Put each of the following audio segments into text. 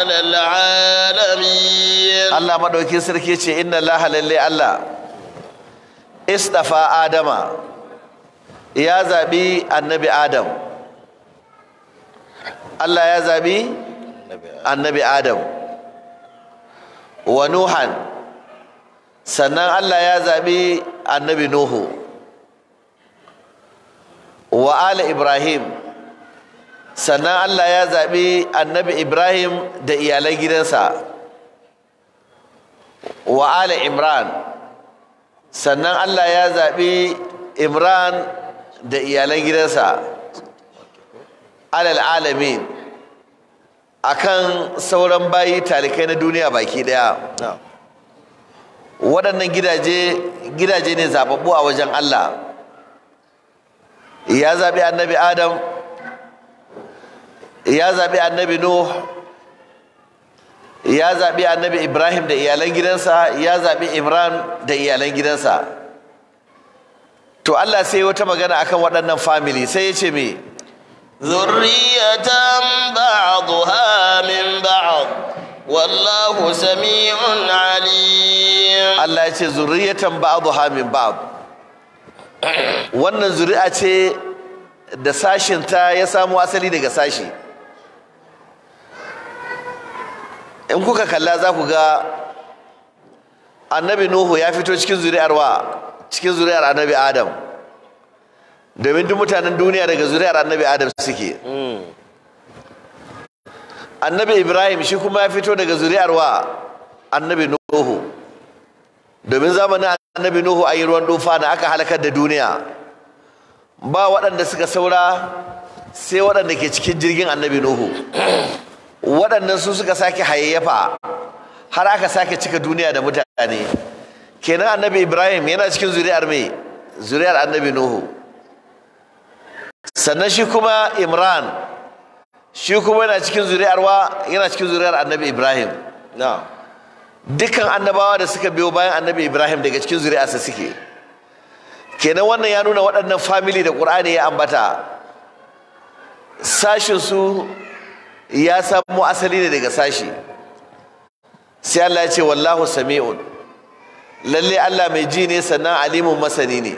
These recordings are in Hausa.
Allah maɗauki sarki ce inna Allah lalle Allah istafa Adama ya zaɓi annabi Adam Allah ya zaɓi annabi Adam wa Nuhan sannan Allah ya zaɓi annabi Nuhu wa ala Ibrahim sannan Allah ya zaɓi annabi Ibrahim da iyalan gidansa wa ala Imran sannan Allah ya zaɓi Imran da iyalan gidansa alal alamin akan sauran bayi talikai na duniya baki daya waɗannan gidaje gidaje ne zababbu a wajen Allah ya zaɓi annabi Adam ya zaɓi annabi nuh ya zaɓi annabi ibrahim da iyalan gidansa ya zaɓi imran da iyalan gidansa to allah sai wata magana akan waɗannan family sai ya ce me zurriyatan ba'dha min ba'd wallahu sami'un alim allah ya ce zurriyatan ba'dha min ba'd wannan zuri'a ce da sashinta ya samo asali daga sashi in kuka kalla za ku ga annabi nuhu ya fito cikin zuri'ar wa cikin zuri'ar annabi adam domin duk mutanen duniya daga zuri'ar annabi adam suke annabi ibrahim shi kuma ya fito daga zuri'ar wa annabi nuhu domin zamanin annabi nuhu a yi ruwan dufa na aka halakar da duniya ba waɗanda suka saura sai waɗanda ke cikin jirgin annabi nuhu waɗannan su suka sake hayayyafa har aka sake cika duniya da mutane kenan annabi ibrahim yana cikin zuri'ar mai zuri'ar annabi nuhu sannan shi kuma imran shi kuma yana cikin zuri'ar wa yana cikin zuri'ar annabi ibrahim dukkan annabawa da suka biyo bayan annabi ibrahim daga cikin zuri'arsa suke kenan wannan ya nuna waɗannan famili da ƙur'ani ya ambata sashinsu ya samu asali ne daga sashi sai Allah ya ce wallahu sami'un lalle Allah mai ji ne sannan alimun masani ne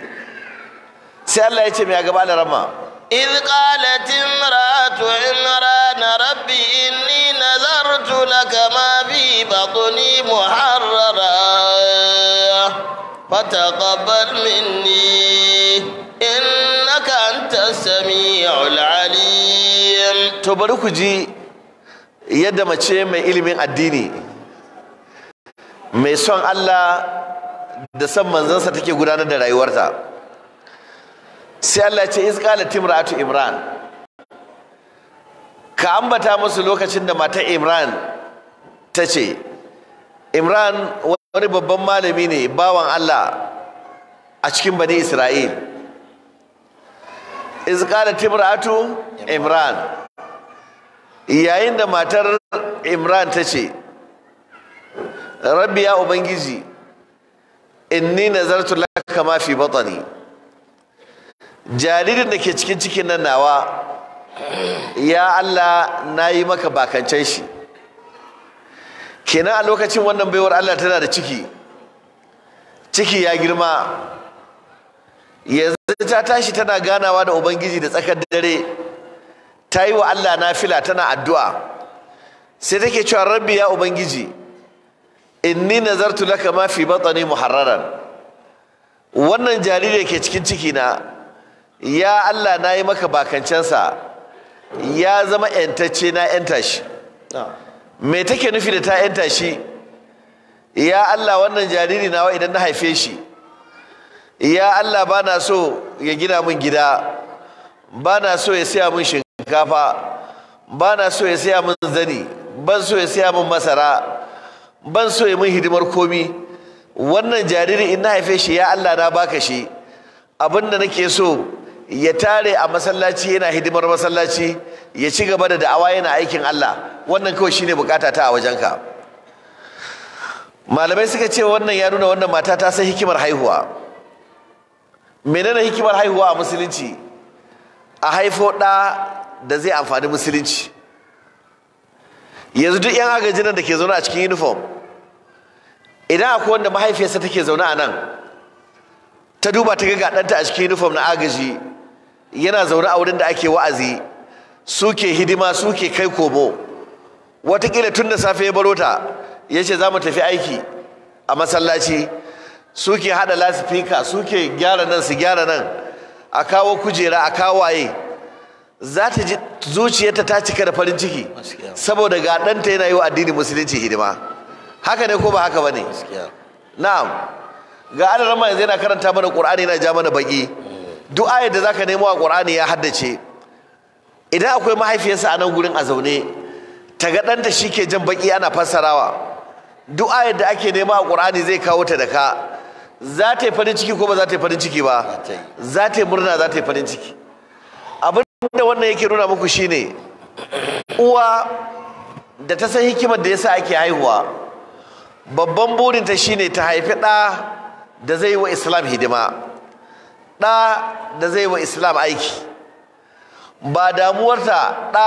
sai Allah ya ce mai gaba da rama إذ قالت امرأة عمران ربي إني نذرت لك ما في بطني محررا فتقبل مني إنك أنت السميع العليم ku yadda mace mai ilimin addini mai son Allah da son manzansa take gudanar da rayuwarta sai Allah ce izqala timratu imran ka ambata musu lokacin da matar imran ta ce imran wani babban malami ne bawan Allah a cikin bani isra'il izqala timratu imran yayin da matar imran ta ce rabbi ya ubangiji inni nazartu laka ma fi batani jaririn da ke cikin cikin nan nawa ya Allah na yi maka bakancen shi kenan a lokacin wannan baiwar Allah tana da ciki ciki ya girma yanzu ta tashi tana ganawa da ubangiji da tsakar dare ta yi wa Allah nafila tana addu'a sai take cewa rabbi ya ubangiji inni nazartu laka ma fi muharraran wannan jariri ke cikin ciki na ya Allah na yi maka bakancensa ya zama yantacce na yanta shi ah. me take nufi da ta yanta shi ya Allah wannan jariri nawa idan na haife shi ya Allah bana so ya gina mun gida bana so ya siya min shinkafa ba na so ya siya min zani ban so ya siya min masara ban so ya min hidimar komi wannan jariri in na haife shi ya Allah na baka shi abin da nake so ya tare a masallaci yana hidimar masallaci ya ci gaba da da'awa yana aikin Allah wannan kawai shine bukata ta a ka. malamai suka ce wannan ya nuna wannan mata ta san hikimar haihuwa menene hikimar haihuwa a musulunci a haifo ɗa da zai amfani musulunci yanzu duk 'yan agajin nan da ke zaune a cikin uniform idan akwai wanda mahaifiyarsa take zaune a nan ta duba ta ga ɗanta a cikin uniform na agaji yana zaune a wurin da ake wa'azi suke hidima suke kai komo watakila tun da safe ya baro ta ya ce za mu tafi aiki a masallaci suke haɗa lasifika suke gyara nan su gyara nan a kawo kujera a kawaye za ta ji zuciyarta ta cika da farin ciki saboda ga ɗanta yana yi wa addinin musulunci hidima haka ne ko ba haka ba ne na'am ga adaran ma yanzu yana karanta mana qur'ani yana ja mana baki duk ayar da zaka nemo a qur'ani ya haddace idan akwai mahaifiyarsa a nan gurin a zaune ta ga ɗanta shi ke jan baki ana fassarawa duk ayar da ake nema a qur'ani zai kawo ta da ka za ta yi farin ciki ko ba za ta yi farin ciki ba za ta yi murna za ta yi farin ciki da wannan yake nuna muku shine uwa da ta san hikimar da yasa ake haihuwa babban burinta shine ta haifi ɗa da zai wa islam hidima ɗa da zai wa islam aiki ba damuwarta ɗa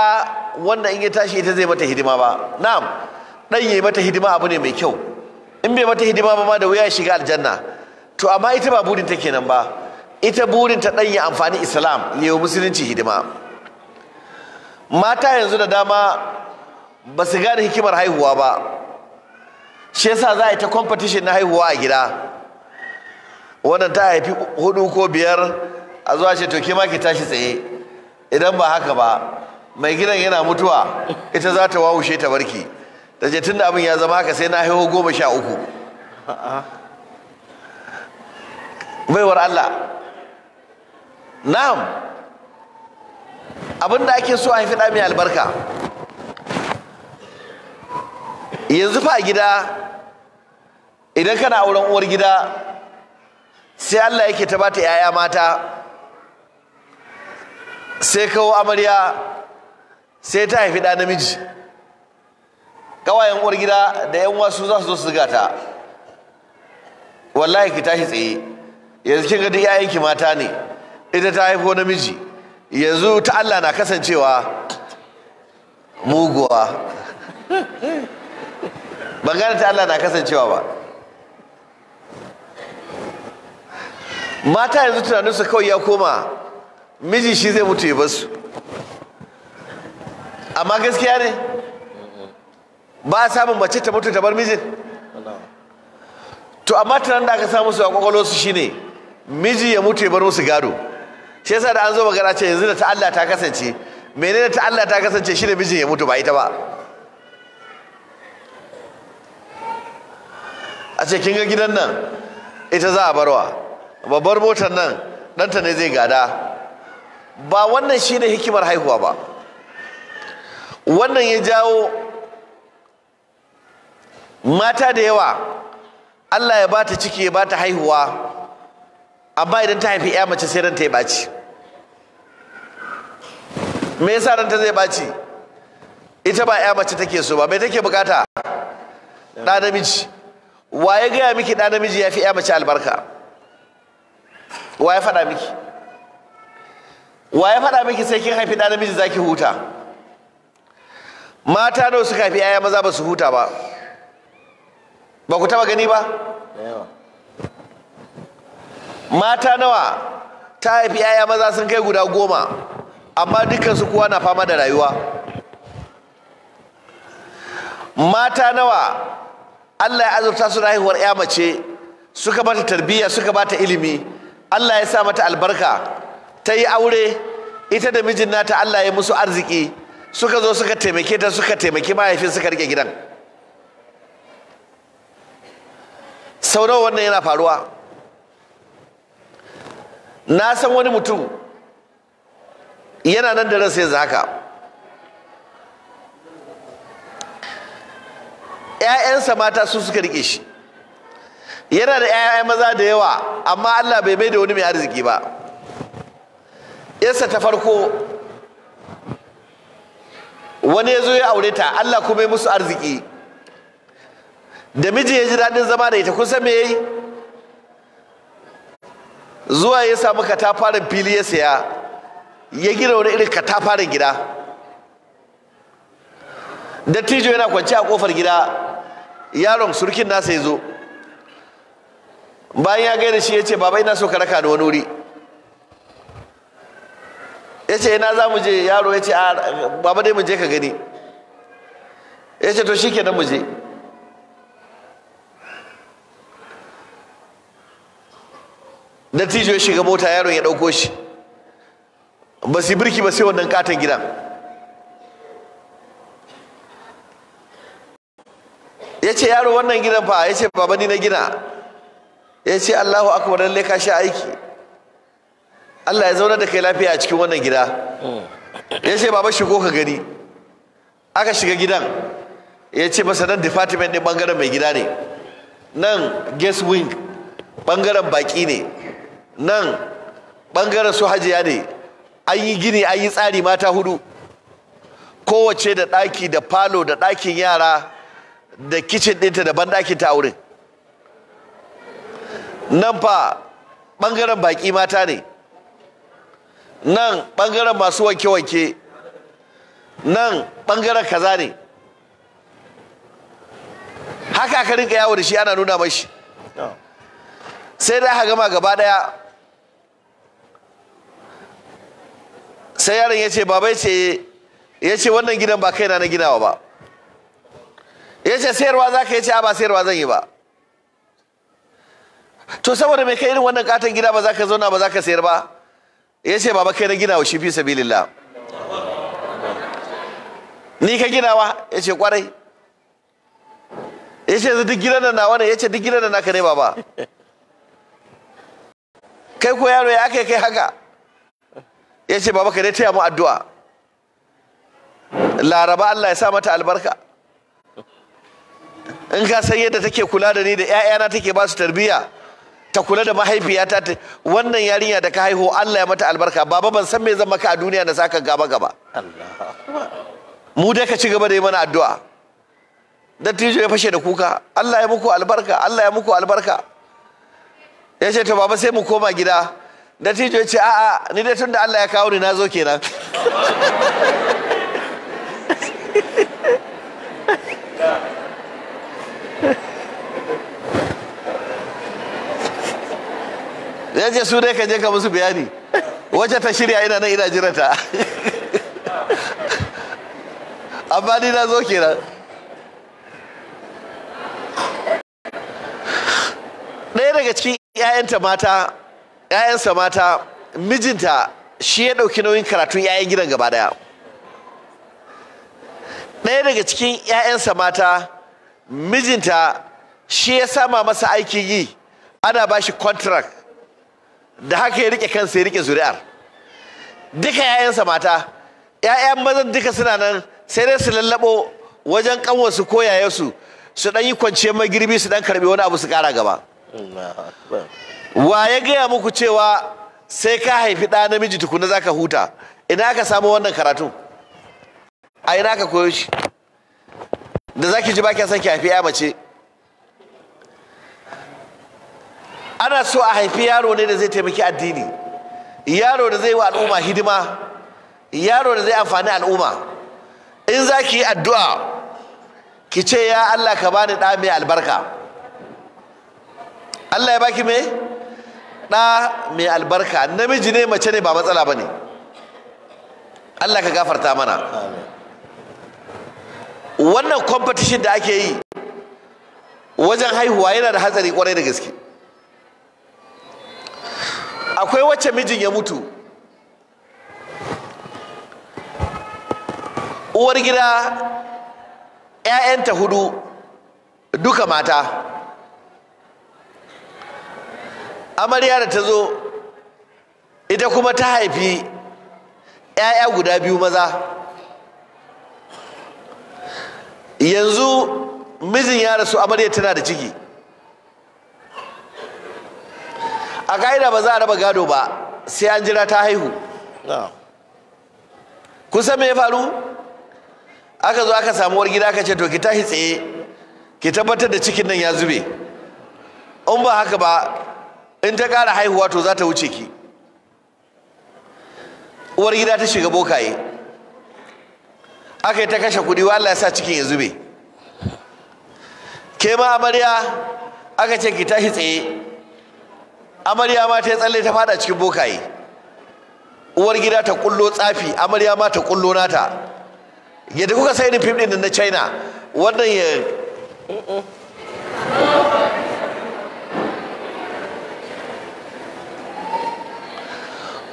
wanda in ya tashi ita zai mata hidima ba na'am ɗan ya yi mata hidima abu ne mai kyau in bai mata hidima ba ma da wuya ya shiga aljanna to amma ita ba burinta kenan ba ita burin ta ɗan yi amfani islam ne musulunci hidima mata yanzu da dama ba su gane hikimar haihuwa ba shi yasa za a yi ta competition na haihuwa a gida wannan ta haifi hudu ko biyar a zuwa ce to ma ki tashi tsaye idan ba haka ba mai gidan yana mutuwa ita za ta wawushe ta barki da je tun abin ya zama haka sai na haihu goma sha uku baiwar Allah na'am abinda ake so a haifi ɗa mai albarka yanzu fa gida idan kana auren uwar gida sai Allah yake ta bata yaya mata sai kawo amarya sai ta haifi ɗa namiji ƙawayen uwar gida da yan wasu za su zo su gata wallahi ki tashi tsaye yanzu kin ga duk 'ya'yanki mata ne ita ta haifo namiji yanzu ta Allah na kasancewa muguwa ban gani ta Allah na kasancewa ba mata yanzu tunaninsu kawai ya koma miji shi zai mutu ya basu amma gaskiya ne ba a samun mace ta mutu ta bar mijin to amma tunanin da aka samu su a su shine miji ya mutu ya bar musu gado shi yasa da an zo magana ce yanzu da ta Allah ta kasance menene ta Allah ta kasance shi da mijin ya mutu ba ita ba a ce kin ga gidan nan ita za a barwa babbar motar nan ɗanta ne zai gada ba wannan shi ne hikimar haihuwa ba wannan ya jawo mata da yawa Allah ya ba ta ciki ya ba ta haihuwa amma idan ta haifi ya mace sai ranta ya baci me yasa ranta zai baci ita ba ya mace take so ba mai take bukata ɗa namiji wa ya gaya miki ɗa namiji ya fi ya mace albarka wa ya faɗa miki wa ya faɗa miki sai kin haifi ɗa namiji za ki huta mata nawa suka kafi 'ya'ya maza ba su huta ba ba ku taba gani ba mata nawa ta haifi 'ya'ya maza sun kai guda goma amma dukansu kowa na fama da rayuwa mata nawa Allah ya azurta su haihuwar ya mace suka bata tarbiyya suka bata ilimi Allah ya sa mata albarka ta yi aure ita da mijin nata Allah ya musu arziki suka zo suka taimake ta suka taimake mahaifin suka rike gidan sau nawa wannan yana faruwa na san wani mutum yana nan da ransa yanzu haka ‘ya'yansa mata su suka rike shi yana da ‘ya'ya maza da yawa amma Allah bai mai da wani mai arziki ba ‘yarsa ta farko wani ya zo ya aure ta Allah kuma ya musu arziki da miji ya ji daɗin zama da ita kusa me yayi zuwa ya samu katafaren fili ya saya ya gina wani irin katafaren gida dattijo yana kwanci a kofar gida yaron surkin nasa ya zo bayan ya gaida shi ya ce baba ina so ka raka da wani wuri ya ce ina za mu je yaro ya ce a baba dai mu je ka gani ya ce to shi ke mu je dattijo ya shiga mota yaron ya ɗauko shi ba su birki ba sai wannan katon gidan ya ce yaro wannan gidan fa ya ce baba ni na gina ya ce allahu akbar lalle ka sha aiki allah ya zauna da kai lafiya a cikin wannan gida ya ce baba shigo ka gani aka shiga gidan ya ce masa nan department ne bangaren mai gida ne nan guest wing bangaren baki ne nan bangaren su hajiya ne an yi gini an yi tsari mata hudu kowace da ɗaki da falo da ɗakin yara da kicin ɗinta da banɗakin ta wurin. nan fa ɓangaren baƙi mata ne nan ɓangaren masu wanke-wanke nan ɓangaren kaza ne haka aka rinka yawo da shi ana nuna mashi sai da aka gama gaba ɗaya sai yaron ya ce baba ya ce ya ce wannan gidan ba kaina na ginawa ba ya ce sayarwa za ka ya ce a ba sayarwa zan yi ba to saboda mai kai irin wannan katon gida ba za ka zauna ba za ka sayar ba ya ce baba kai na ginawa shi fi lilla ni ka ginawa ya ce kwarai ya ce duk gidan da nawa ne ya ce duk gidan da naka ne baba kai ko yaro ya aka kai haka ya ce baba ka dai taya mu addu'a laraba Allah ya sa mata albarka in ka san yadda take kula da ni da 'ya'yana take ba su tarbiyya ta kula da mahaifiyata ta wannan yarinya da ka haihu Allah ya mata albarka baba ban san me zan maka a duniya na saka gaba gaba mu dai ka ci gaba da yi mana addu'a dattijo ya fashe da kuka Allah ya muku albarka Allah ya muku albarka ya ce to baba sai mu koma gida dattijo ya ce a'a ni dai tun da Allah ya kawo ni na zo kenan Zai ce su dai ka je ka musu bayani wacce ta shirya ina nan ina jirata amma ni na zo kenan ɗaya daga cikin 'ya'yanta mata 'ya'yansa mata mijinta shi ya ɗauki nauyin karatun 'ya'yan gidan gaba daya. ɗaya daga cikin 'ya'yansa mata mijinta shi ya sama masa aiki yi ana ba shi contract da haka ya rike kansa ya rike zuri'ar duka 'ya'yansa mata 'ya'yan mazan duka suna nan sai dai su lallabo wajen kanwarsu ko yayansu su ɗan yi kwanciyar magirbi su ɗan karɓi wani abu su ƙara gaba wa ya gaya muku cewa sai ka haifi ɗa namiji tukuna za ka huta ina ka samu wannan karatu? a ina ka koyo shi da za ki ji ba kya son ki haifi ya mace ana so a haifi yaro ne da zai taimaki addini yaro da zai wa al'umma hidima yaro da zai amfani al'umma in za ki yi addu'a ki ce ya Allah ka bani ɗa mai albarka Allah ya baki mai ɗa mai albarka namiji ne mace ne ba matsala ba ne allah ka gafarta mana wannan competition da ake yi wajen haihuwa yana da hatsari kwarai da gaske akwai wacce mijin ya mutu uwar gida 'ya'yanta hudu duka mata amarya da ta zo ita kuma ta haifi 'ya'ya guda biyu maza yanzu mijin ya rasu amarya tana da ciki a ka'ida ba za a raba gado ba sai an jira ta haihu kusa me ya faru aka zo aka samu war gida aka ce to ki tashi tsaye ki tabbatar da cikin nan ya zube in ba haka ba in ta ƙara haihuwa to za ta wuce ki uwar gida ta shiga bokaye aka yi ta kashe kuɗi wa ya sa cikin ya zube ke ma amarya aka ce ki tashi tsaye amarya ma ta yi tsalle ta fada cikin bokaye uwar gida ta kullo tsafi amarya ma ta kullo nata yadda kuka sai ni fim din na china wannan ya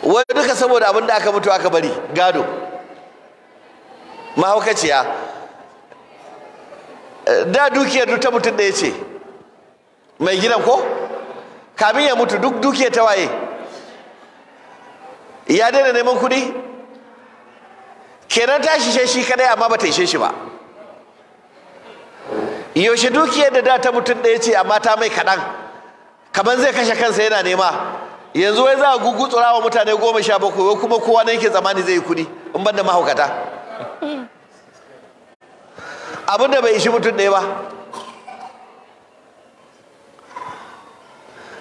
wai duka saboda abin da aka mutu aka bari gado mahaukaciya da dukiyar duk ta mutum ɗaya ce mai gidan ko kamin ya mutu duk dukiyar ta waye ya daina neman kuɗi kenan ta shi shi kadai amma ba ta ishe shi ba yaushe dukiyar da da ta mutum ɗaya ce amma ta mai kaɗan kamar zai kashe kansa yana nema yanzu wai za a gugutsura wa mutane goma sha bakwai wai kuma kowa ne yake zamani zai yi kuɗi in ban da mahaukata abin da bai ishi mutum ɗaya ba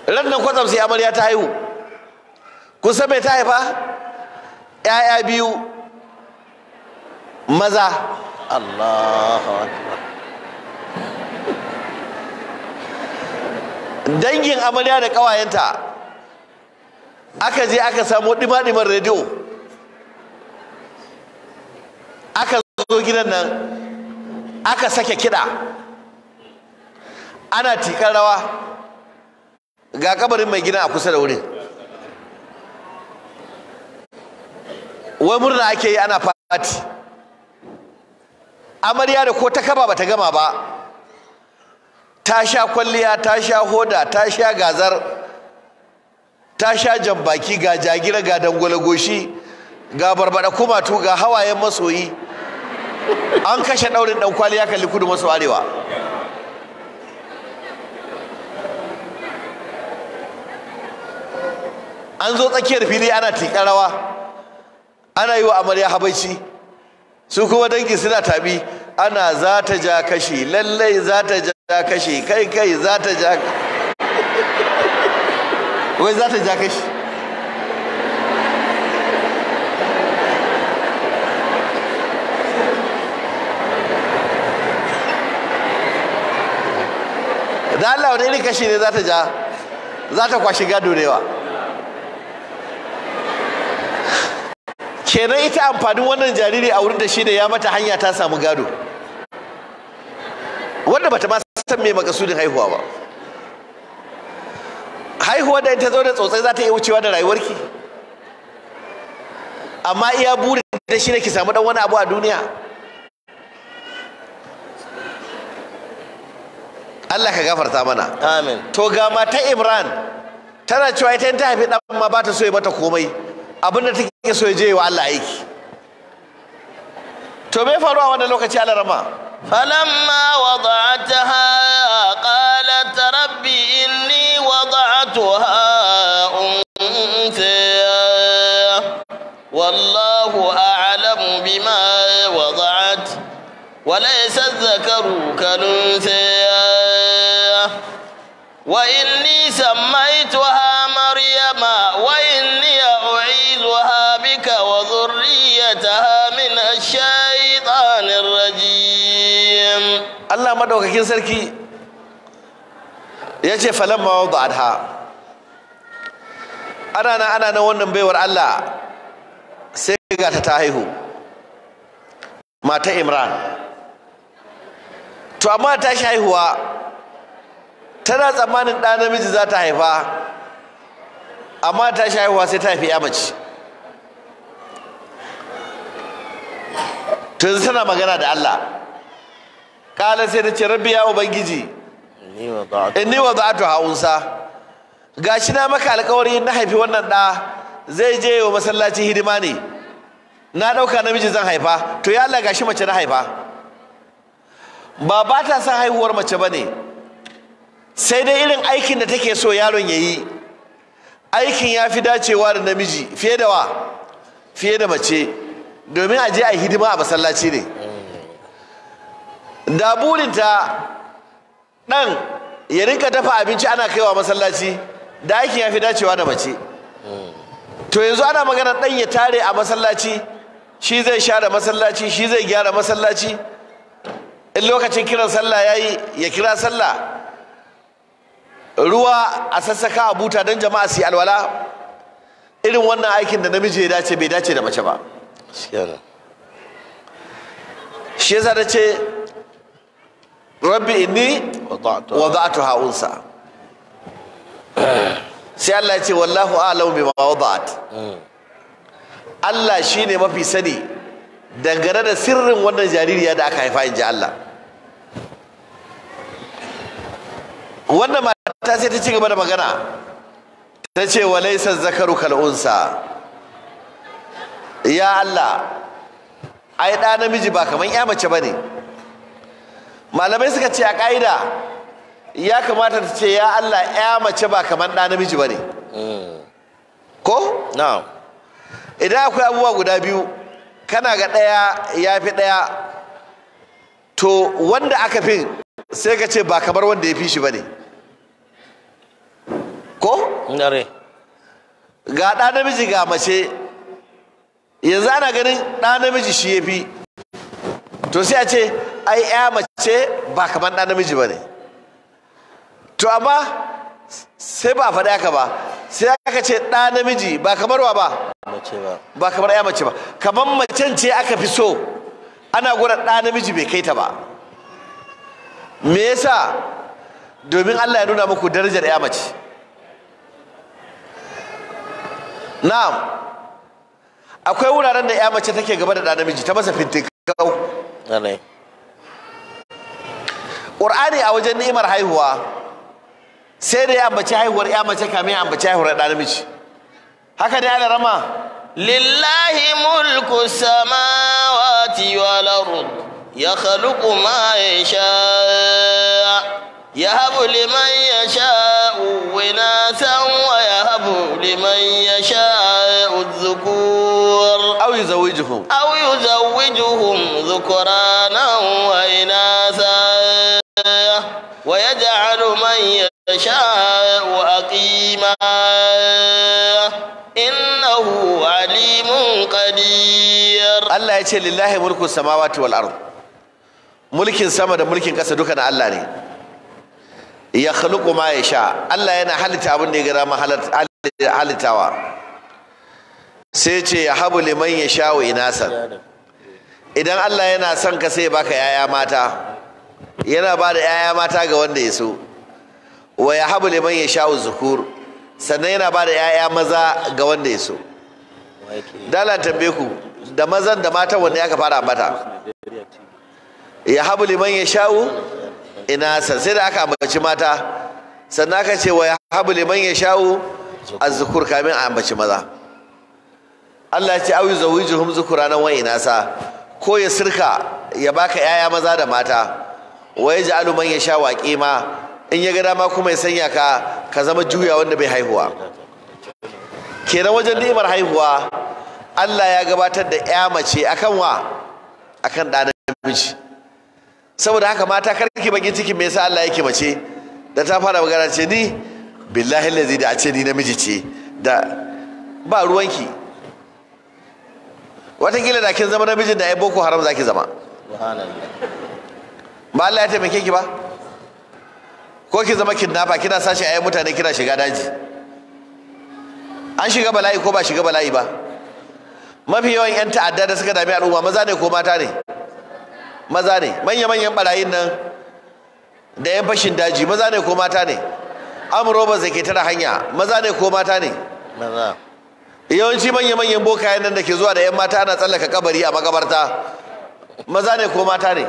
ran nan kwatsam sai amarya ta haihu kun san mai ta haifa ‘ya'ya biyu maza Allahu akbar dangin amarya da ƙawayenta aka je aka samo dima-diman rediyo aka zo gidan nan aka sake kiɗa ana tikar rawa ga kabarin mai gina a kusa da wurin wai murna ake yi ana fati amarya da ko ta kaba bata gama ba ta sha kwalliya ta sha hoda ta sha gazar ta sha jan baki ga jagira ga dangwale goshi ga barbada kumatu ga hawayen masoyi an kashe daurin dankwali ya kalli kudu maso arewa an zo tsakiyar fili ana tikarawa ana yi wa amarya habaici su kuma dangi suna tabi ana za ta ja kashi lallai za ta ja kashi kai kai za ta ja wai za ta ja kashi da Allah wani irin kashi ne za ta ja za ta kwashi gado da yawa kenan ita amfanin wannan jariri a wurin da shi ne ya mata hanya ta samu gado wanda bata ma san me makasudin haihuwa ba haihuwa da ta zo da tsotsai za ta iya wucewa da rayuwarki amma iya burin da shi ne ki samu dan wani abu a duniya Allah ka gafarta mana amin to ga mata Imran tana cewa ita ta haifi dan ma ba ta so ya mata komai abinda take so ya je wa Allah aiki to me faruwa wannan lokaci Allah rama فلما وضعتها قالت ربي إني وضعتها أنثى والله أعلم بما وضعت وليس الذكر كالأنثى وإني سميتها مريم وإني أعيذها Yataha mina shi ya yi tsanin sarki. Ya ce, "Falan ma ban ba'adha?" Ana ni wannan baiwar Allah, sai ga ta ta haihu. Ma Imran. To amma ta shi haihuwa, tana tsammanin ɗa namiji za ta haifa, amma ta shi haihuwa sai ta haifi ƴa mace. to yanzu tana magana da Allah kala sai ta ce rabbi ya ubangiji inni wada'atu ha'unsa gashi na maka alkawari na haifi wannan da zai je wa masallaci hidima ne na ɗauka namiji zan haifa to ya Allah gashi mace na haifa ba ba ta san haihuwar mace ba ne. sai dai irin aikin da take so yaron yayi aikin ya fi dacewa da namiji fiye da wa fiye da mace domin a je a hidima a masallaci ne da burinta ɗan ya rinka dafa abinci ana kaiwa masallaci da aikin ya fi dacewa da mace to yanzu ana magana ɗan ya tare a masallaci shi zai share masallaci shi zai gyara masallaci in lokacin kiran sallah ya yi ya kira sallah ruwa a sassaka a buta don jama'a su yi alwala irin wannan aikin da namiji ya dace bai dace da mace ba shi yasa ta ce rabbi inni wada'tu ha'unsa sai Allah ce wallahu a'lamu ma wada'at Allah shine mafi sani dangane da sirrin wannan jaririya da aka haifa in ji Allah wannan mata sai ta ci gaba da magana ta ce walaisa zakaru kal'unsa ya Allah ai ɗa namiji ba kamar ya mace ba ne malamai suka ce a ƙa'ida ya kamata ta ce ya Allah ya mace ba kamar ɗa namiji ba ne ko? na'am idan akwai abubuwa guda biyu kana ga ɗaya ya fi ɗaya to wanda aka fi sai ka ce ba kamar wanda ya fi shi ba ne ko? ga ɗa namiji ga mace yanzu ana ganin ɗa namiji shi ya fi to sai a ce ai ya mace ba kamar ɗa namiji ba ne to amma sai ba faɗi aka ba sai aka ce ɗa namiji ba kamar wa ba ba kamar ya mace ba kamar macen ce aka fi so ana gura ɗa namiji bai kai ta ba me yasa domin Allah ya nuna muku darajar ya mace na'am akwai wuraren da ya mace take gaba da ɗa namiji ta masa fintikau ƙur'ani a wajen ni'imar haihuwa sai da ya ambaci haihuwar ya mace kamin ya ambaci haihuwar ɗa namiji haka ne ana rama lillahi mulku samawati wal ard ya khaluqu ma yasha yahabu liman yasha'u san wa yahabu liman yasha Awi da wajuhu. Awi da wajuhu da kur'anahu a ina sa, waye da canuman Allah yace lillahi mulku'n sama wa tuwar Mulkin sama da mulkin ƙasa duka na Allah ne. Yakaluƙuma ya sha. Allah yana halittawa ne ga ranakun halittawa. sai ce ya habu liman ya wa inasa idan Allah yana son ka sai baka yaya mata yana ba da yaya mata ga wanda ya so wa ya habu liman ya sha'u zukur sannan yana ba da yaya maza ga wanda ya so dalan tambaye ku da mazan da mata wanda aka fara mata? ya habu liman ya sha'u inasa sai da aka ambaci mata sannan aka ce wa ya habu liman ya sha'u zukur kamin a ambaci maza Allah ya ce awi zukura na wa sa ko ya sirka ya baka yaya maza da mata aluman ya sha waƙi ma in ya ga dama kuma ya sanya ka ka zama juya wanda bai haihuwa kenan wajen ni'imar haihuwa Allah ya gabatar da ya mace akan wa akan da namiji saboda haka mata karki bakin cikin me yasa Allah yake mace da ta fara magana ce ni billahi lazi da a ce ni namiji ce da ba ruwanki watakila da kin zama namijin da ya boko haram za ki zama ba Allah ya taimake ki ba ko ki zama kidnapper kina sashi ayi mutane kina shiga daji an shiga bala'i ko ba shiga bala'i ba mafi yawan yan ta'adda da suka dami al'umma maza ne ko mata ne maza ne manya manyan barayin nan da yan fashin daji maza ne ko mata ne ba zai ke tara hanya maza ne ko mata ne maza yawanci manya manyan boka nan da ke zuwa da yan mata ana tsallaka kabari a makabarta maza ne ko mata ne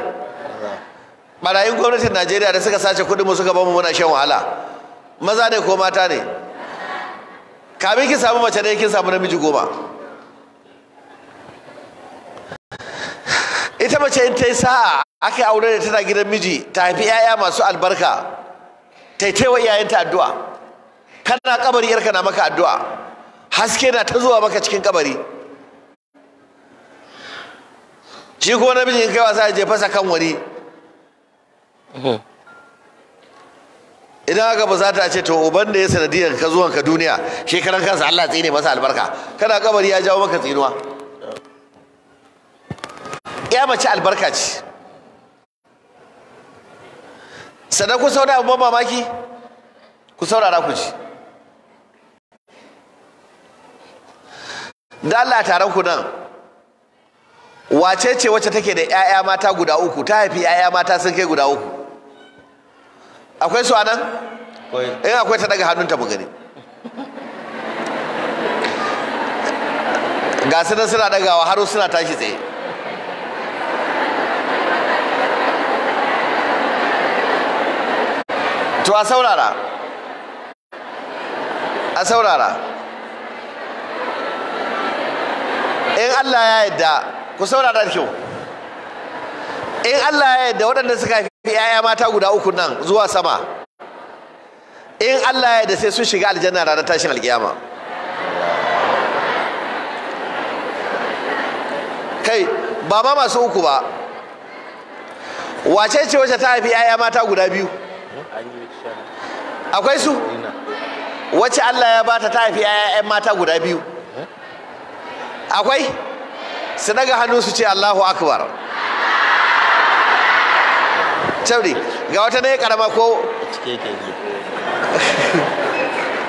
barayin gwamnatin najeriya da suka sace kudin mu suka bamu muna shan wahala maza ne ko mata ne kamin ki samu mace dai kin samu namiji goma ita mace in ta yi sa'a aka aure da tana gidan miji ta haifi 'ya'ya masu albarka ta yi taiwa iyayenta addu'a kana kabari yarka na maka addu'a haske na ta zuwa maka cikin kabari shi kuma bijin kai wasa je fasa kan wani hmm. idan aka ba ta ce to uban da ya sanadiyar ka zuwan ka duniya shekaran kansa Allah tsine masa albarka kana kabari ya jawo maka tsinuwa ya mace albarka ce sannan ku saurara babban mamaki ku saurara ku ji da Allah taron ku nan wace ce wacce take da ƴaƴa mata guda uku ta haifi ƴaƴa mata sun kai guda uku akwai su anan in eh, akwai ta daga hannunta mu gani ga su nan suna dagawa har suna tashi tsaye to a saurara a saurara in Allah ya yadda ku saurara da kyau in Allah ya yadda waɗanda suka haifi 'ya'ya mata guda uku nan zuwa sama in Allah ya yadda sai sun shiga aljanna ranar tashin alkiyama kai ba ma masu uku ba wace ce wace ta haifi 'ya'ya mata guda biyu akwai su wacce Allah ya bata ta haifi 'ya'ya mata guda biyu akwai su daga hannu su ce Allahu akbar cewri ga wata ne karama ko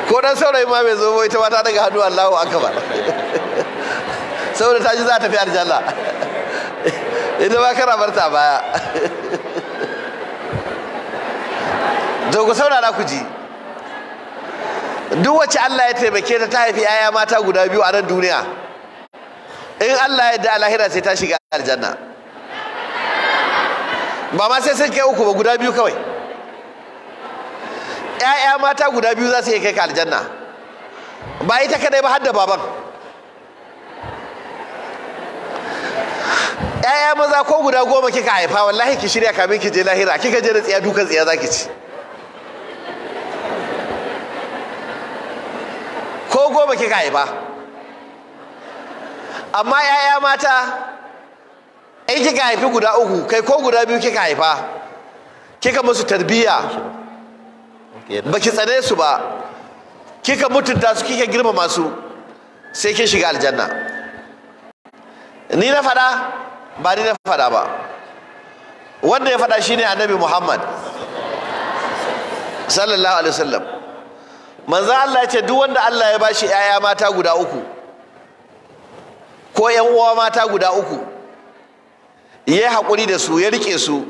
ko dan saurayi ma mai zobo ita wata mata daga hannu Allahu akbar saboda ta ji za ta fi aljanna ita ba kara barta baya to ku saurara ku ji duk wacce Allah ya taimake ta ta haifi 'ya'ya mata guda biyu a nan duniya in Allah ya da Alahira sai ta shiga aljanna ba ma sai sun kai uku ba guda biyu kawai ƴaƴa mata guda biyu za su iya kai ka aljanna ba ita kadai ba har da baban ƴaƴa maza ko guda goma kika haifa wallahi ki shirya kamin ki je lahira kika je da tsiya dukan tsiya za ki ci ko goma kika haifa amma 'ya'ya mata in kika haifi guda uku kai ko guda biyu kika haifa kika musu tarbiyya baki tsane su ba kika mutunta su kika girmama su sai kin shiga aljanna ni na fada ba ni na fada ba wanda ya fada shine annabi muhammad sallallahu alaihi wasallam manzo Allah ya ce duk wanda Allah ya bashi 'ya'ya mata guda uku ko yan uwa mata guda uku ya haƙuri da su ya rike su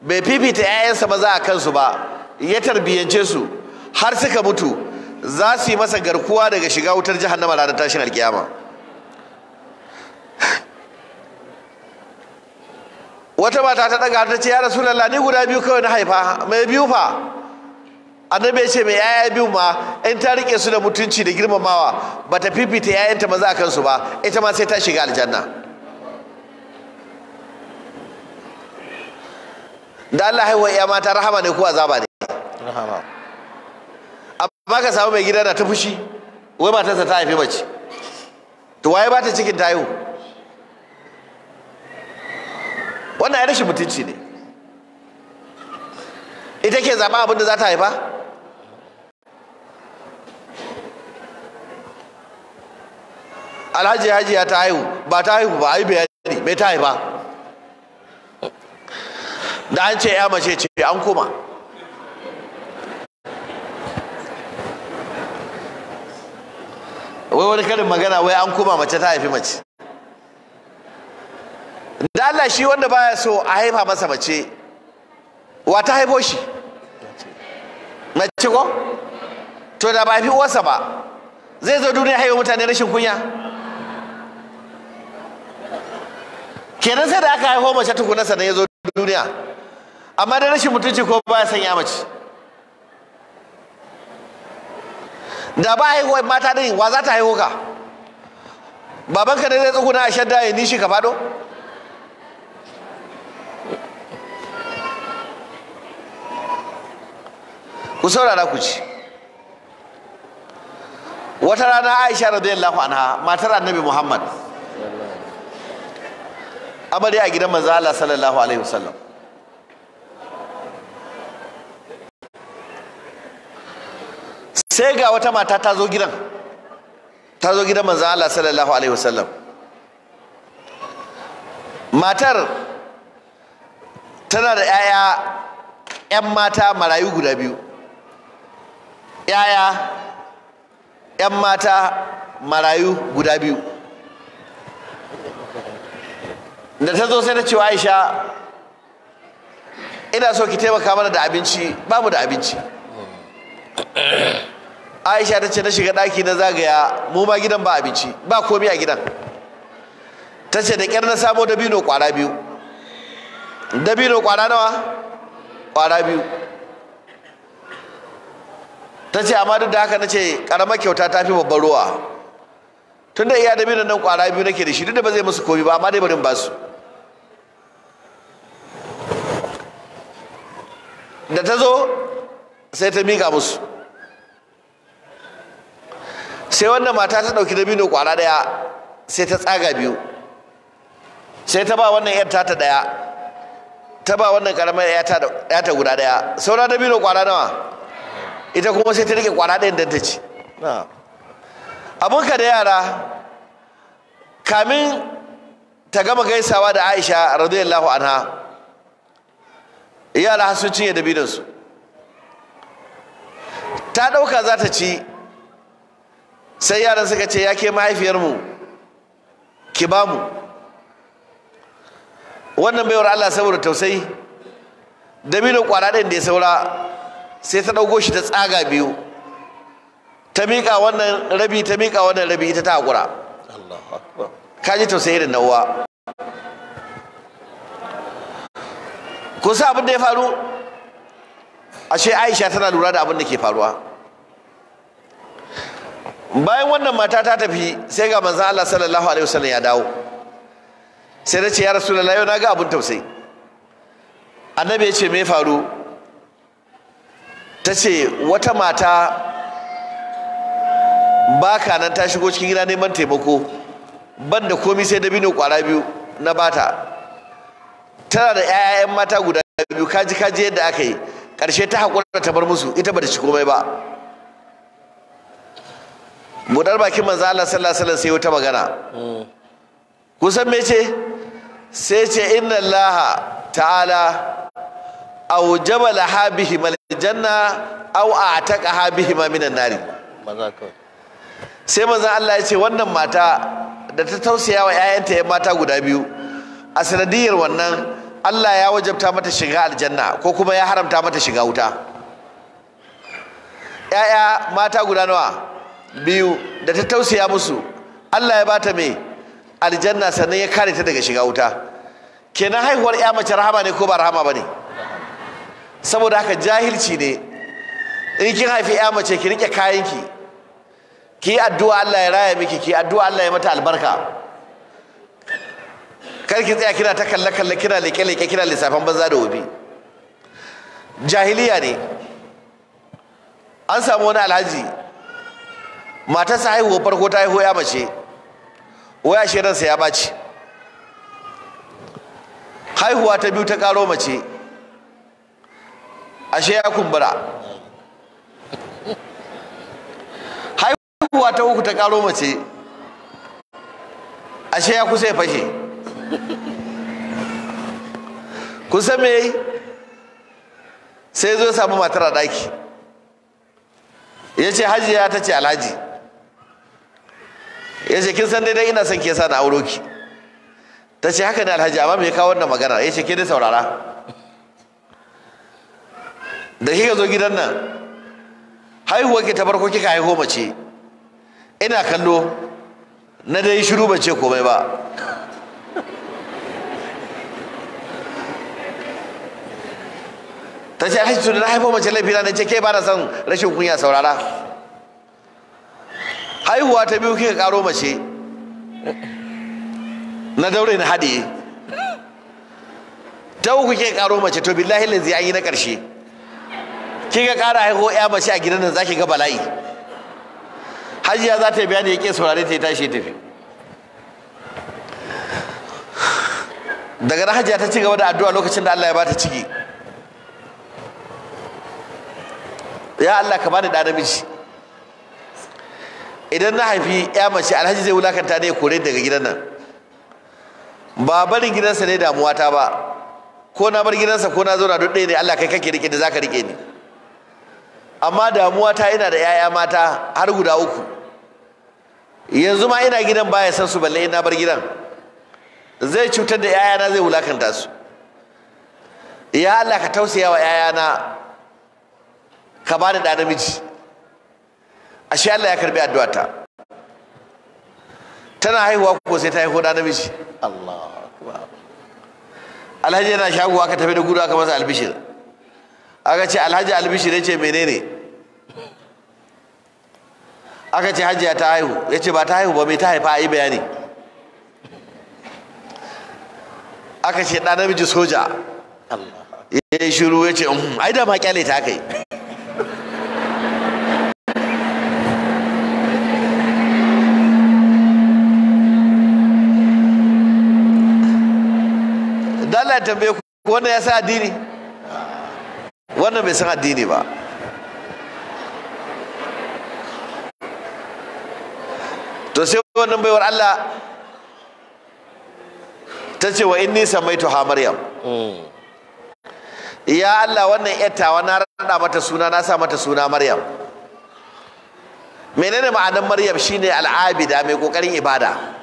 bai fifita 'ya'yansa maza a kansu ba ya tarbiyyance su har suka mutu za su yi masa garkuwa daga shiga wutar jihar ranar tashin alkiyama wata mata ta ɗaga ta ce ya rasu ni guda biyu kawai na haifa mai biyu fa annabi ya ce mai yaya biyu ma in ta rike su da mutunci da girmamawa ba ta fifita yayanta maza a kansu ba ita ma sai ta shiga aljanna da Allah haihuwa iya mata rahama ne ko azaba ne rahama amma ka samu mai gida na ta fushi wai matarsa ta haifi mace to waye ba ta cikin tayo wannan ya rashin mutunci ne ita ke zaɓa abin da za ta haifa alhaji hajiya ta haihu ba ta haihu ba ai bayani bai ta haifa da an ce ya mace ce an kuma. wai wani karin magana wai an kuma mace ta haifi mace da Allah shi wanda baya so a haifa masa mace wa ta haifo shi mace ko to da ba fi uwarsa ba zai zo duniya haifi mutane rashin kunya kenan sai da aka haihu mace tukuna sannan ya zo duniya amma da rashin mutunci ko ba san ya mace da ba haihuwa mata din wa za ta haihu ka babanka ne zai tsuguna a shadda ya nishi ka fado ku saurara ku ci wata rana aisha radiyallahu anha matar annabi muhammad amarya a gidan manzo Allah sallallahu alaihi wasallam sai ga wata mata ta zo gidan ta zo gidan manzo Allah sallallahu alaihi wasallam matar tana da 'ya'ya 'yan mata marayu guda biyu 'ya'ya 'yan mata marayu guda biyu da ta zo sai ta ce aisha ina so ki taimaka mana da abinci babu da abinci aisha ta ce na shiga daki na zagaya mu ma gidan ba abinci ba komi a gidan ta ce da ƙyar na samo dabino kwara biyu dabino kwara nawa kwara biyu ta ce amma duk da haka na ce ƙarama kyauta ta fi babbar ruwa tun da iya dabino nan kwara biyu nake da shi duk da ba zai musu komi ba amma dai bari ba su da ta zo sai ta miƙa musu sai wannan mata ta ɗauki dabino ƙwara ɗaya sai ta tsaga biyu sai ta ba wannan yar tata ɗaya ta ba wannan ƙaramar ya ta guda ɗaya saura dabino ƙwara nawa ita kuma sai ta rike ƙwara ɗayan don ta ci abinka da yara kamin ta gama gaisawa da aisha radiyallahu anha yara har sun cinye dabinansu ta ɗauka za ta ci sai yaran suka ce ya ke mahaifiyarmu ki ba mu wannan baiwar allah saboda tausayi dabinin kwara ɗin da ya saura sai ta ɗauko shi ta tsaga biyu ta miƙa wannan rabi ta miƙa wannan rabi ita ta haƙura kaji tausayi da nawa ko sai abin da ya faru ashe aisha tana lura da abin da ke faruwa bayan wannan mata ta tafi sai ga manzan Allah sallallahu alaihi wasallam ya dawo sai da ce ya rasu lalayo na ga abin tausayi annabi ya ce mai faru ta ce wata mata baka nan ta shigo cikin gida neman taimako ban da komi sai dabino kwara biyu na bata tana da ƴaƴan mata guda biyu kaji kaji yadda aka yi ƙarshe ta haƙura ta bar musu ita bata ci komai ba budar bakin manzo Allah sallallahu alaihi wasallam sai wata magana kusan me ce sai ce inna Allah ta'ala aw jabala habihi mal janna aw ataka habihi ma minan nari sai manzo Allah ya ce wannan mata da ta tausaya wa ƴaƴanta ya mata guda biyu a sanadiyar wannan Allah ya wajabta mata shiga aljanna ko kuma ya haramta mata shiga wuta ‘ya'ya mata guda nawa biyu da ta tausaya musu Allah ya bata mai aljanna sannan ya kare ta daga shiga wuta kenan haihuwar ‘ya mace rahama ne ko ba rahama ba ne saboda haka jahilci ne in kin haifi ‘ya mace ki rike kayanki ki yi addu'a Allah ya raya miki ki addu'a Allah ya mata albarka kar ki tsaya kina ta kalle kalle kina leke leke kina lissafan banza da wobi jahiliya ne an samu wani alhaji matarsa haihuwa farko ta haihuwa ya mace waya shi ransa ya baci haihuwa ta biyu ta karo mace ashe ya kumbura haihuwa ta uku ta karo mace ashe ya kusa ya fashe kun san me yayi sai zo samu matar a ɗaki ya ce hajiya ta ce alhaji ya ce kin san daidai ina son ke sa na auro ki ta ce haka ne alhaji amma me kawo wannan magana ya ce ke dai saurara da kika zo gidan nan haihuwa ke ta farko kika haihu mace ina kallo na dai shiru bace komai ba ta ce haisu na haifo mace laifi na ce ke ba na son rashin kunya saurara haihuwa ta biyu kika karo mace na daure na haɗe ta uku kika karo mace to billahi lanzi an yi na ƙarshe kika kara haihuwa ya mace a gidan nan za ki ga bala'i hajiya za ta yi bayani ya ke saurare ta yi tashi tafi daga na hajiya ta ci gaba da addu'a lokacin da Allah ya ba ta ciki ya Allah ka bani da namiji idan na haifi ya mace alhaji zai wulakanta ne kore daga gidan nan ba barin gidansa ne damuwa ta ba ko na bar gidansa ko na zauna duk ɗaya ne Allah kai kake rike da zaka rike ni amma damuwa ta ina da 'ya'ya mata har guda uku yanzu ma ina gidan baya san su balle ina bar gidan zai cutar da 'ya'yana zai wulakanta su ya Allah ka tausaya wa 'ya'yana ka ba da namiji ashe Allah ya karbi addu'a ta tana haihuwa ko sai ta haihu da namiji Allah Alhaji yana shaguwa ka tafi da gudu aka masa albishir aka ce Alhaji albishir ya ce menene aka ce hajiya ta haihu ya ce ba ta haihu ba mai ta haifa a yi bayani aka ce ɗan namiji soja ya yi shiru ya ce mm, ai da ma kyale ta kai da Allah ya tambaye ku wannan ya san addini wannan bai san addini ba to sai wannan baiwar Allah ta ce wa inni samaitu ha maryam mm. ya Allah wannan wa na rada mata suna na sa mata suna maryam menene ma'anar maryam shine al'abida mai kokarin ibada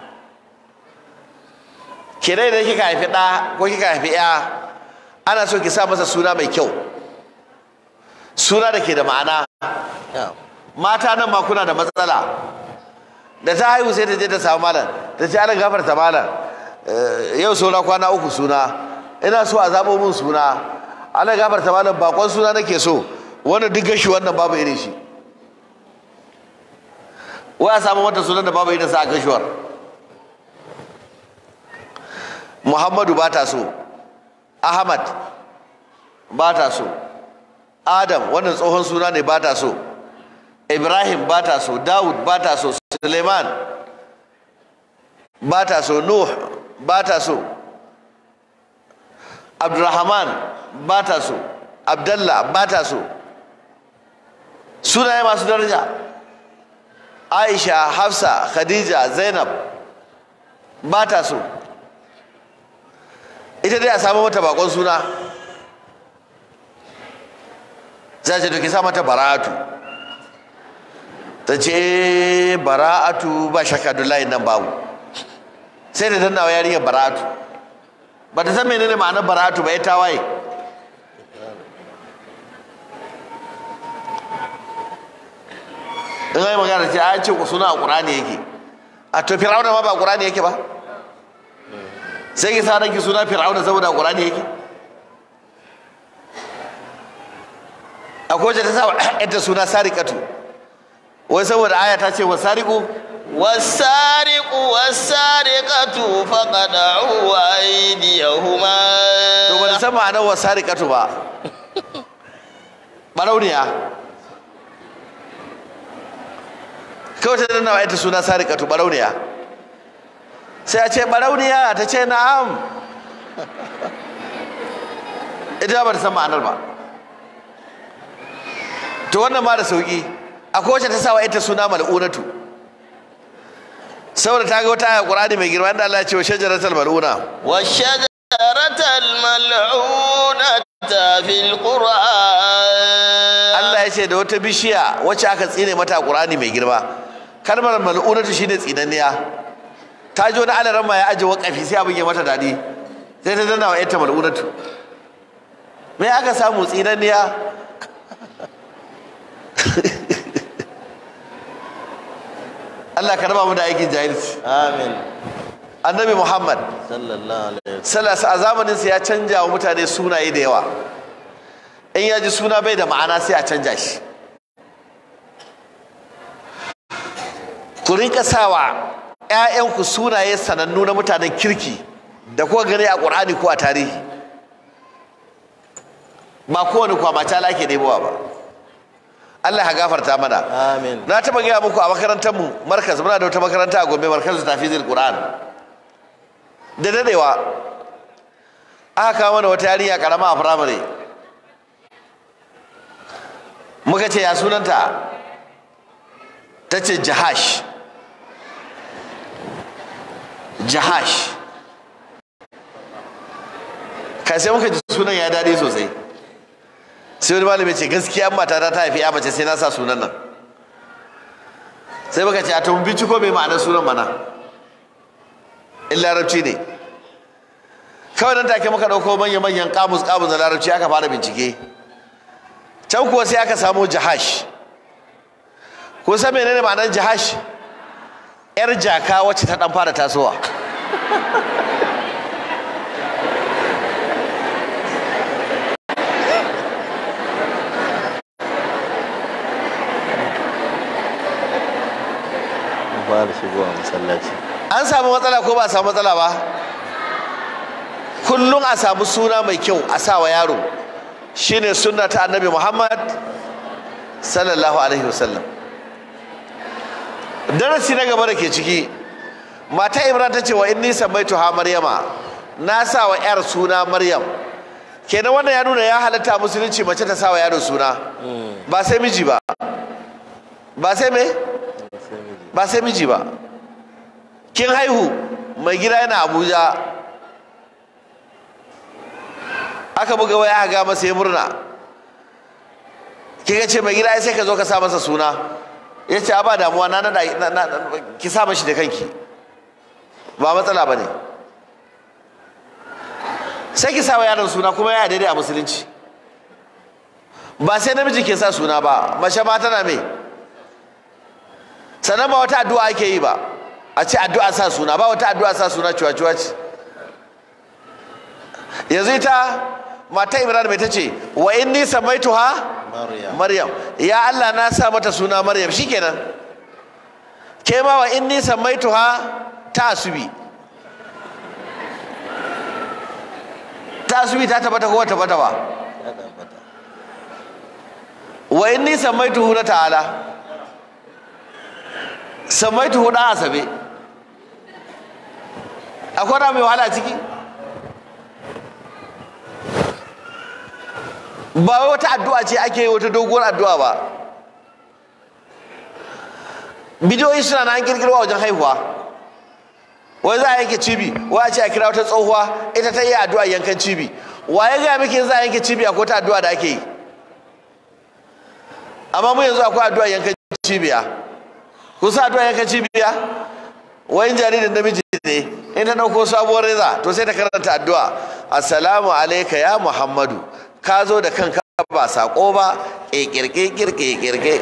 kenan idan kika haifi ɗa ko kika haifi ya ana so ki sa masa suna mai kyau suna da ke da ma'ana mata nan ma kuna da matsala da ta haihu sai ta je ta samu malam ta ce ana gafarta malam eh, yau saura kwana uku suna ina so a zaɓo min suna ana gafarta malam bakon suna nake so wanda duk gashi wannan babu irin shi wai a samu mata sunan da babu irin sa a gashuwar muhammadu ba ta so ahmad ba ta so adam wannan tsohon suna ne ba ta so ibrahim ba ta so dawud ba ta so suleiman ba ta so nuh ba ta so abdulrahman ba ta so abdallah ba ta so sunaye masu daraja aisha hafsa khadija zainab ba ta so ita dai a samu mata bakon suna za ce doki ki mata bara'atu ta ce eh, bara'atu ba shakka layin nan babu sai da dannawa riga bara'atu ba ta san menene ma'anar bara'atu ba ya tawaye in yi magana ce a ce suna a ne yake a to rauna ma ba a ne yake ba sai ki sa ranki suna fir'auna saboda qur'ani yake akwai ta sa ta suna sariqatu wai saboda aya ta ce wasariqu wasariqu wasariqatu faqad'u aydiyahuma to ban san ma'ana wasariqatu ba barauniya kawai ta danna wa ita suna sariqatu barauniya sai a ce barauniya ta ce na'am ita ba ta san ma'anar ba to wannan ma da sauki akwai wacce ta sawa ita suna mal'unatu saboda ta ga wata aya qur'ani mai girma inda Allah ya ce wa shajaratal mal'una wa shajaratal mal'unata fil qur'an Allah ya ce da wata bishiya wacce aka tsine mata qur'ani mai girma kalmar mal'unatu shine tsinanniya ta ji wani alaran ma ya aje wakafi sai abin ya mata daɗi sai ta danna wa 'yanta mal'unatu me aka samu tsinanniya Allah ka raba mu da aikin jahilci amin annabi muhammad sallallahu alaihi wasallam a zamanin sa ya canja wa mutane sunaye da yawa in ya ji suna bai da ma'ana sai a canja shi ku rinka sawa ƴaƴanku sunaye sanannu na mutanen kirki da kuka gani a ƙur'ani ko a tarihi ba kowane mata lake ne ba Allah ya gafarta mana amin na taba gaya muku a makarantar mu markaz muna da wata makaranta a Gombe markaz tafizil Qur'an da dadewa aka kawo mana wata yarinya karama a firamare muka ce ya sunanta ta ce jahash jahash kai sai muka ji sunan ya dade sosai sai wani malami ce gaskiya mata ta haifi ya mace sai na sa sunan nan sai muka ce a tun binciko mai ma'anar sunan mana in larabci ne kawai nan take muka ɗauko manya-manyan kamus kamus na larabci aka fara bincike can kuwa sai aka samo jahash ko san menene ma'anar jahash 'yar jaka wacce ta ɗan fara tasowa an samu matsala ko ba a samu matsala ba kullum a samu suna mai kyau a sa wa yaro shine sunna ta annabi muhammad sallallahu alaihi wasallam darasi na gaba da ke ciki mata imran ta ce wa inni mai ha maryama na sa wa yar suna maryam kenan wannan ya nuna ya halatta musulunci mace ta sa wa yaro suna ba sai miji ba ba sai me ba sai miji ba kin haihu mai gida yana abuja aka buga waya ga masa ya murna kika ce mai gida sai ka zo ka sa masa suna ya ce ba damuwa na nada ki sa mashi da kanki ba matsala ba ne sai ki sa wa yaron suna kuma ya daidai a musulunci ba sai namiji ke sa suna ba mace ma tana mai sannan ba wata addu'a ake yi ba a ce addu'a sa suna ba wata addu'a sa suna cuwa-cuwa ce yanzu ita mata imran mai ce, wa inni samaituha maryam ya Allah na sa mata suna maryam shikenan ke ma wa inni samaituha tasubi tasubi ta tabbata ko ta tabbata ba wa inni samaituhu na ta'ala samaituhu da asabe akwai mai wahala ciki ba wata addu'a ce ake yi wata doguwar addu'a ba bidiyoyi suna na an kirkirwa wajen haihuwa wai za a yanke cibi wai a ce a kira wata tsohuwa ita ta yi addu'a yankan cibi wa ya gaya miki za a yanke cibi akwai wata addu'a da ake yi amma mu yanzu akwai addu'a yankan cibiya kusa addu'a yankan cibiya wai jaririn namiji ne in ta ɗauko sabuwar reza to sai ta karanta addu'a assalamu alaika ya muhammadu ka zo da kanka ba sako ba kirke kirke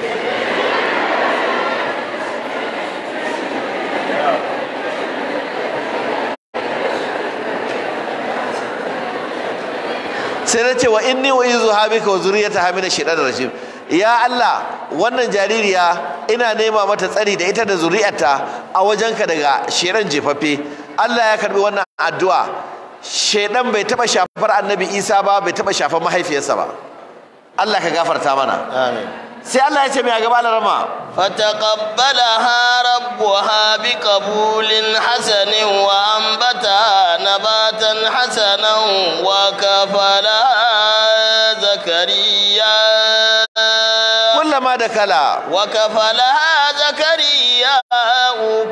sai na ce wa inni wa izu habika wa zuriyata hamina da rajim ya Allah wannan jaririya ina nema mata tsari da ita da zuri'arta a wajenka daga shirin jefaffe Allah ya karbi wannan addu'a shedan bai taba shafar annabi isa ba bai taba shafar mahaifiyarsa ba Allah ka gafarta mana sai Allah ya ce mai gaba larama fataqabbalaha rabbuha biqabulin hasanin wa ambata batan hasanan wa kafala zakariya كلما دخل وكفلها زكريا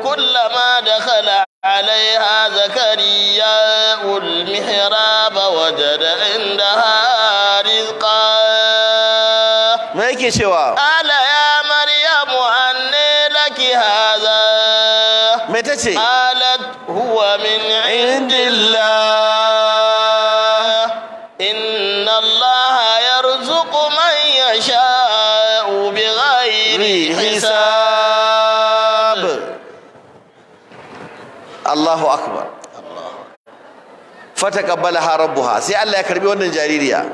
كلما دخل عليها زكريا المحراب وجد عندها رزقا ما يكي شوا قال يا مريم أني لك هذا متى قالت هو من عند الله إن الله يرزق من يشاء غير fata الله أكبر buha sai Allah ya karbi wannan jaririya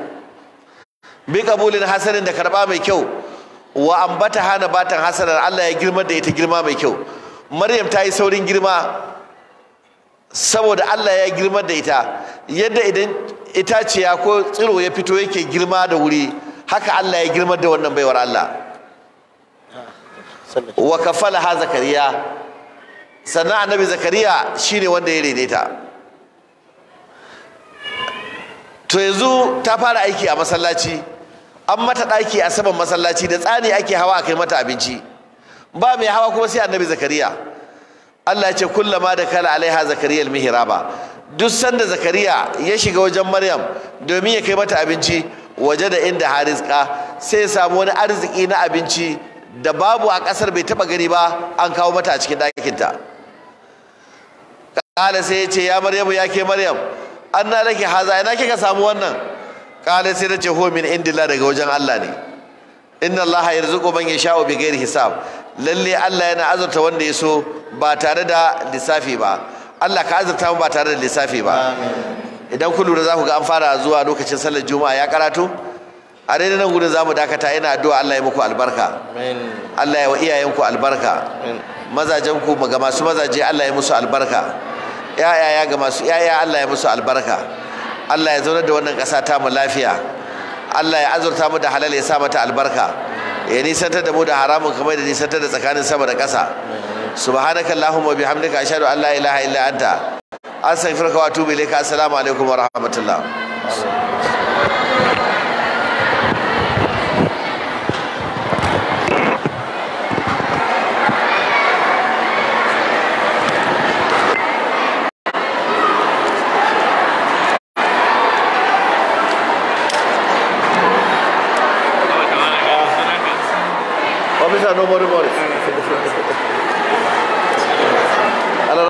bi kabulin hasanin da karba mai kyau wa ambata hana batan hasanar Allah ya girma da ita girma mai kyau Maryam ta yi saurin girma saboda Allah ya girma da ita yadda idan itaciya ko tsiro ya fito yake girma da wuri haka Allah ya girma da wannan baiwar Allah wa kafala ha zakariya sannan annabi zakariya shine wanda ya rene ta to yanzu ta fara aiki a masallaci an mata ɗaki a saman masallaci da tsani ake hawa a kai mata abinci ba mai hawa kuma sai annabi zakariya Allah ce kullama da kala alaiha zakariya almihraba duk sanda zakariya ya shiga wajen maryam domin ya kai mata abinci waje da inda harizka sai ya samu wani arziki na abinci da babu a kasar bai taba gani ba an kawo mata a cikin ɗakinta kala sai ya ce ya maryamu ya ke maryam an na laki haza ina kika samu wannan kala sai na ce ho min indila daga wajen allah ne inna ya yarzuqu man yasha'u gairi hisab lalle allah yana azurta wanda ya so ba tare da lissafi ba allah ka azurta mu ba tare da lissafi ba idan ku lura za ku ga an fara zuwa lokacin sallar juma'a ya karatu a daidai nan gudun zamu dakata ina addu'a Allah ya muku albarka Allah ya wa iyayenku albarka mazajenku ga masu mazaje Allah ya musu albarka ya'ya ga masu ya'ya Allah ya musu albarka Allah ya zaunar da wannan ƙasa ta mu lafiya Allah ya azurta mu da halal ya sa mata albarka ya nisantar da mu da haramun kamar da nisantar da tsakanin sama da ƙasa subhanaka allahumma bihamdika ashhadu an la ilaha illa anta astaghfiruka wa atubu ilayka assalamu alaikum wa rahmatullah No no murmures.